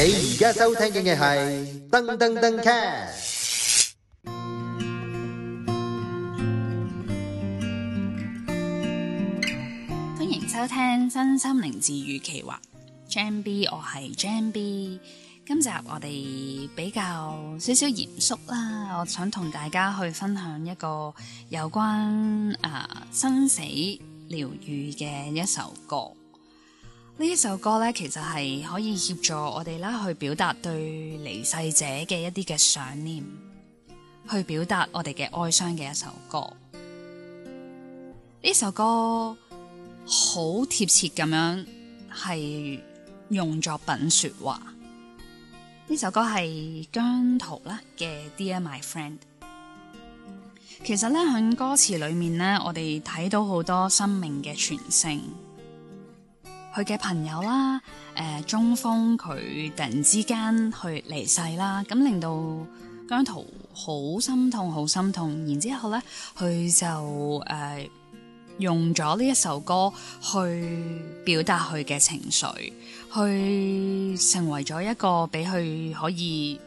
你而家收聽嘅係噔噔噔 cast，歡迎收聽新心靈治癒企劃，Jam B，我係 Jam B。今集我哋比較少少嚴肅啦，我想同大家去分享一個有關誒生死療愈嘅一首歌。呢一首歌咧，其實係可以協助我哋啦，去表達對離世者嘅一啲嘅想念，去表達我哋嘅哀傷嘅一首歌。呢首歌好貼切咁樣，係用作品說話。呢首歌係姜濤啦嘅 Dear My Friend。其實咧，響歌詞裏面咧，我哋睇到好多生命嘅傳承。佢嘅朋友啦，誒、呃、中風，佢突然之間去離世啦，咁令到姜濤好心痛，好心痛。然之後咧，佢就誒、呃、用咗呢一首歌去表達佢嘅情緒，去成為咗一個俾佢可以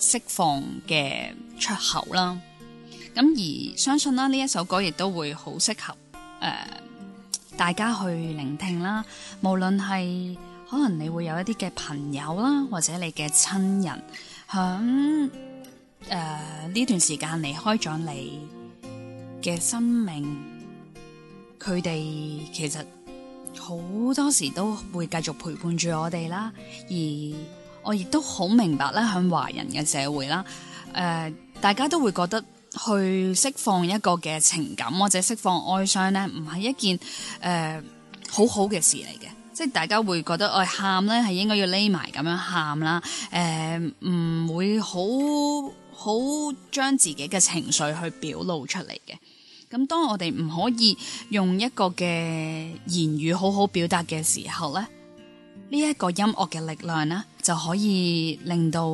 釋放嘅出口啦。咁、呃、而相信啦，呢一首歌亦都會好適合誒。呃大家去聆聽啦，無論係可能你會有一啲嘅朋友啦，或者你嘅親人響誒呢段時間離開咗你嘅生命，佢哋其實好多時都會繼續陪伴住我哋啦。而我亦都好明白咧，響華人嘅社會啦，誒、呃，大家都會覺得。去釋放一個嘅情感或者釋放哀傷呢，唔係一件誒、呃、好好嘅事嚟嘅。即係大家會覺得，我喊呢係應該要匿埋咁樣喊啦，誒、呃、唔會好好將自己嘅情緒去表露出嚟嘅。咁當我哋唔可以用一個嘅言語好好表達嘅時候呢。呢一個音樂嘅力量咧，就可以令到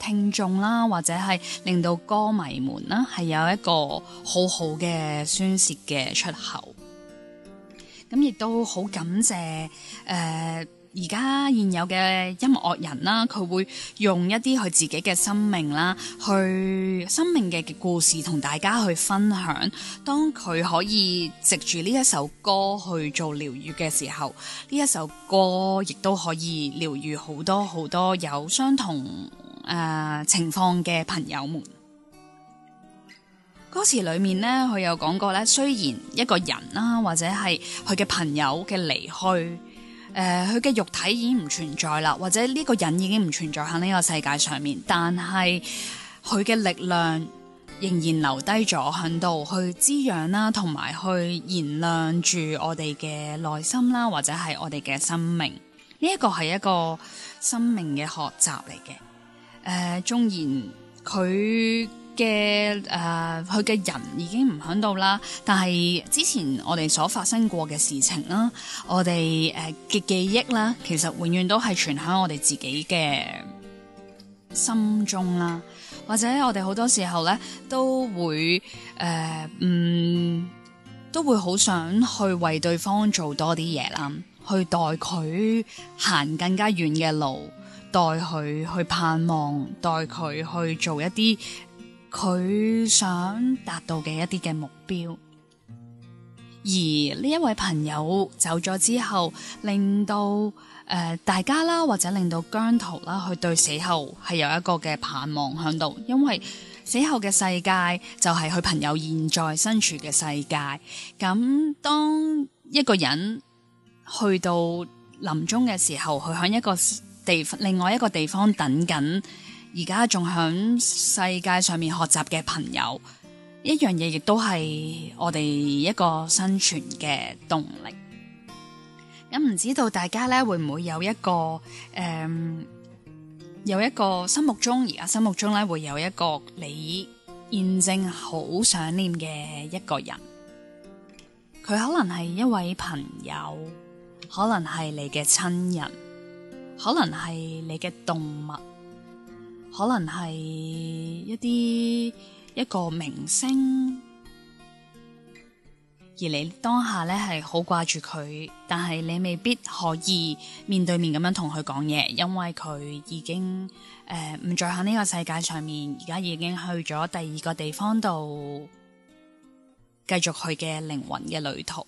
聽眾啦，或者係令到歌迷們啦，係有一個好好嘅宣洩嘅出口。咁亦都好感謝誒、呃而家現、現有嘅音樂人啦，佢會用一啲佢自己嘅生命啦，去生命嘅故事同大家去分享。當佢可以藉住呢一首歌去做療癒嘅時候，呢一首歌亦都可以療癒好多好多有相同誒、呃、情況嘅朋友們。歌詞裏面呢，佢有講過咧，雖然一個人啦，或者係佢嘅朋友嘅離去。誒，佢嘅、呃、肉體已經唔存在啦，或者呢個人已經唔存在喺呢個世界上面，但係佢嘅力量仍然留低咗喺度，去滋養啦，同埋去燃亮住我哋嘅內心啦，或者係我哋嘅生命。呢、這、一個係一個生命嘅學習嚟嘅。誒、呃，縱然佢。嘅誒，佢嘅、呃、人已經唔響度啦，但係之前我哋所發生過嘅事情啦，我哋誒嘅記憶啦，其實永遠都係存喺我哋自己嘅心中啦。或者我哋好多時候咧，都會誒、呃、嗯，都會好想去為對方做多啲嘢啦，去代佢行更加遠嘅路，代佢去盼望，代佢去做一啲。佢想達到嘅一啲嘅目標，而呢一位朋友走咗之後，令到誒、呃、大家啦，或者令到姜濤啦，佢對死後係有一個嘅盼望喺度，因為死後嘅世界就係佢朋友現在身處嘅世界。咁當一個人去到臨終嘅時候，佢喺一個地，另外一個地方等緊。而家仲響世界上面學習嘅朋友，一樣嘢亦都係我哋一個生存嘅動力。咁、嗯、唔知道大家咧會唔會有一個誒、嗯，有一個心目中而家心目中咧會有一個你現正好想念嘅一個人。佢可能係一位朋友，可能係你嘅親人，可能係你嘅動物。可能係一啲一個明星，而你當下咧係好掛住佢，但係你未必可以面對面咁樣同佢講嘢，因為佢已經誒唔、呃、再喺呢個世界上面，而家已經去咗第二個地方度繼續佢嘅靈魂嘅旅途。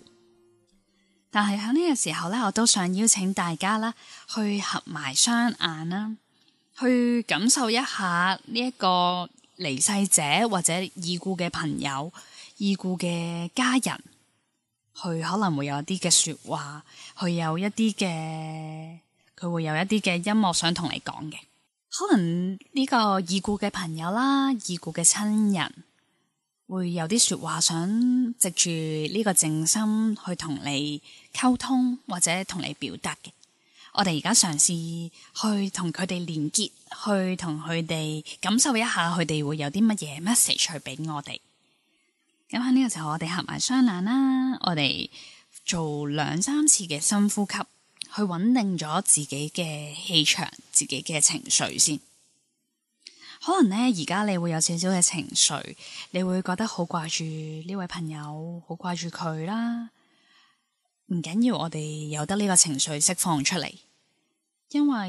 但係喺呢個時候咧，我都想邀請大家啦，去合埋雙眼啦。去感受一下呢一個離世者或者已故嘅朋友、已故嘅家人，佢可能會有一啲嘅說話，佢有一啲嘅佢會有一啲嘅音樂想同你講嘅，可能呢個已故嘅朋友啦、已故嘅親人會有啲說話想藉住呢個靜心去同你溝通或者同你表達嘅。我哋而家嘗試去同佢哋連結，去同佢哋感受一下，佢哋會有啲乜嘢 message 去俾我哋。咁喺呢個時候我，我哋合埋雙眼啦，我哋做兩三次嘅深呼吸，去穩定咗自己嘅氣場、自己嘅情緒先。可能呢，而家你會有少少嘅情緒，你會覺得好掛住呢位朋友，好掛住佢啦。唔緊要，我哋有得呢個情緒釋放出嚟，因為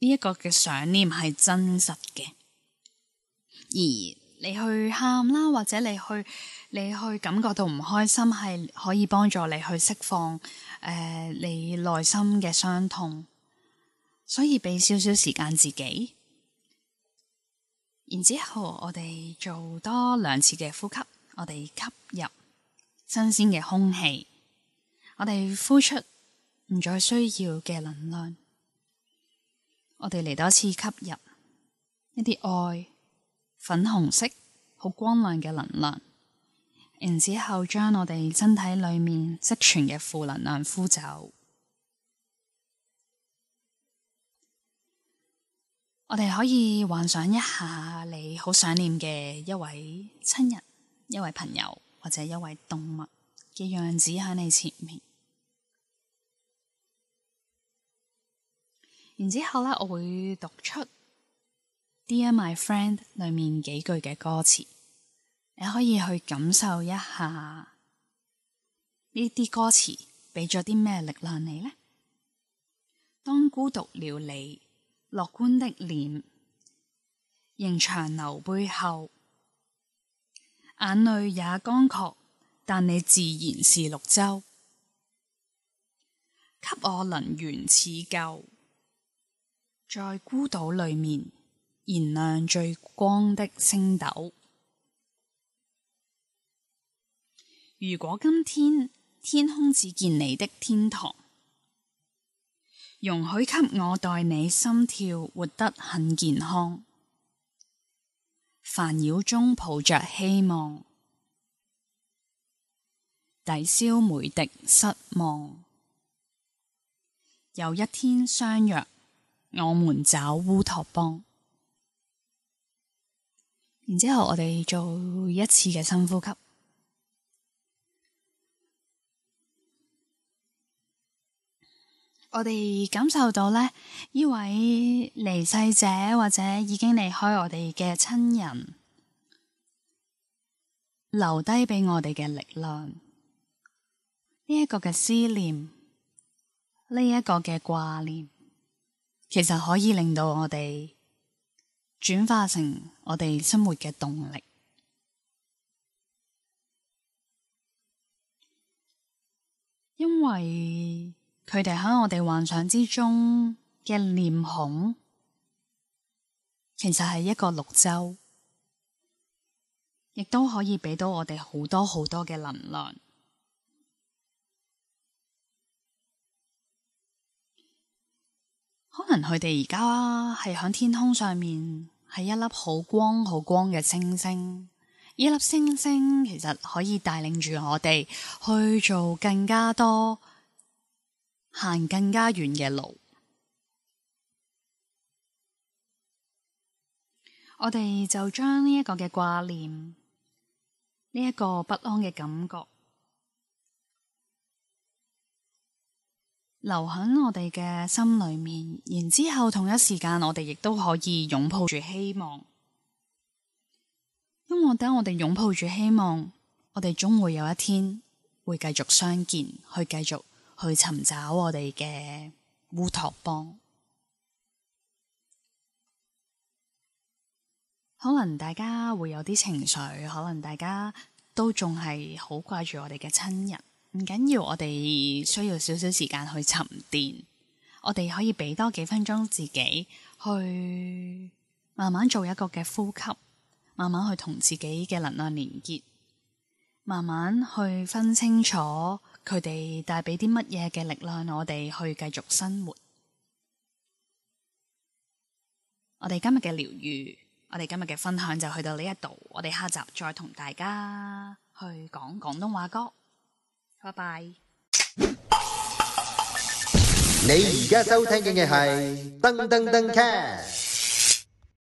呢一個嘅想念係真實嘅，而你去喊啦，或者你去你去感覺到唔開心，係可以幫助你去釋放誒、呃、你內心嘅傷痛，所以畀少少時間自己，然之後我哋做多兩次嘅呼吸，我哋吸入新鮮嘅空氣。我哋呼出唔再需要嘅能量，我哋嚟多次吸入一啲愛粉紅色、好光亮嘅能量，然之後將我哋身體裏面積存嘅負能量呼走。我哋可以幻想一下你好想念嘅一位親人、一位朋友或者一位動物嘅樣子喺你前面。然之後咧，我會讀出「Dear My Friend」裡面幾句嘅歌詞，你可以去感受一下呢啲歌詞畀咗啲咩力量你呢？當孤獨了你，樂觀的臉，仍長留背後，眼淚也乾涸，但你自然是綠洲，給我能源似舊。在孤島裏面燃亮最光的星斗。如果今天天空只見你的天堂，容許給我代你心跳活得很健康。煩擾中抱着希望，抵消每滴失望。有一天相約。我們找烏托邦，然之後我哋做一次嘅深呼吸，我哋感受到呢呢位離世者或者已經離開我哋嘅親人，留低畀我哋嘅力量，呢一個嘅思念，呢一個嘅掛念，其實可以令到我哋轉化成我哋生活嘅動力，因為佢哋喺我哋幻想之中嘅臉孔，其實係一個綠洲，亦都可以畀到我哋好多好多嘅能量。可能佢哋而家係喺天空上面，係一粒好光好光嘅星星。呢粒星星其實可以帶領住我哋去做更加多，行更加遠嘅路。我哋就將呢一個嘅掛念，呢、這、一個不安嘅感覺，留喺我哋嘅心裏面，然之後同一時間，我哋亦都可以擁抱住希望。因為等我哋擁抱住希望，我哋終會有一天會繼續相見，去繼續去尋找我哋嘅烏托邦。可能大家會有啲情緒，可能大家都仲係好掛住我哋嘅親人。唔緊要，我哋需要少少時間去沉澱，我哋可以俾多幾分鐘自己去慢慢做一個嘅呼吸，慢慢去同自己嘅能量連結，慢慢去分清楚佢哋帶俾啲乜嘢嘅力量，我哋去繼續生活。我哋今日嘅療癒，我哋今日嘅分享就去到呢一度，我哋下集再同大家去講廣東話歌。拜拜！你而家收聽緊嘅係《噔噔噔卡》。